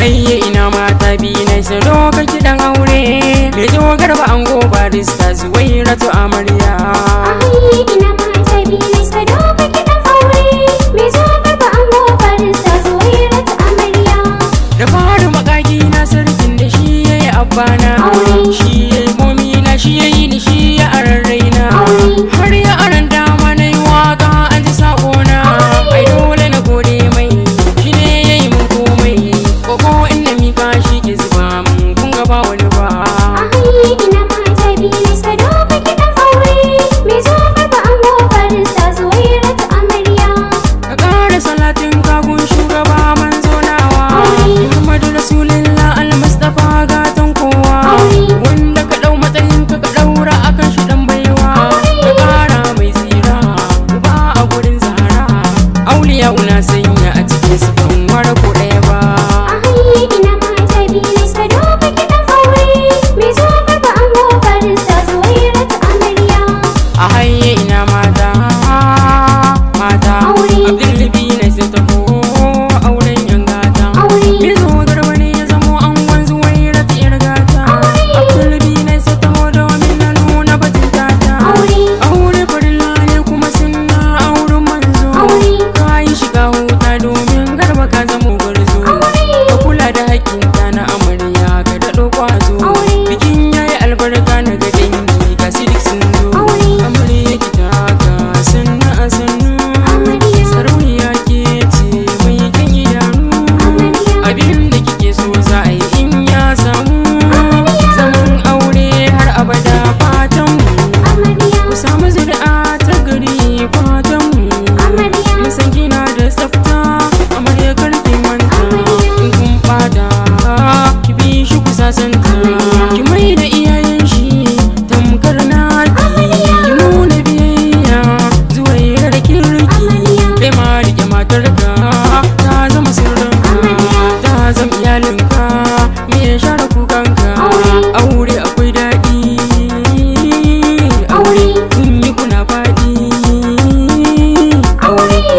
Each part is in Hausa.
aiye ina mata bi na siro lokaci dan aure me zo garba an go barista zuwai ratu amarya ina ratu amarya da na sarkin da shi yayi shi yayi momi na shi yayi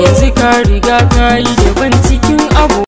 Yanzu ka riga ka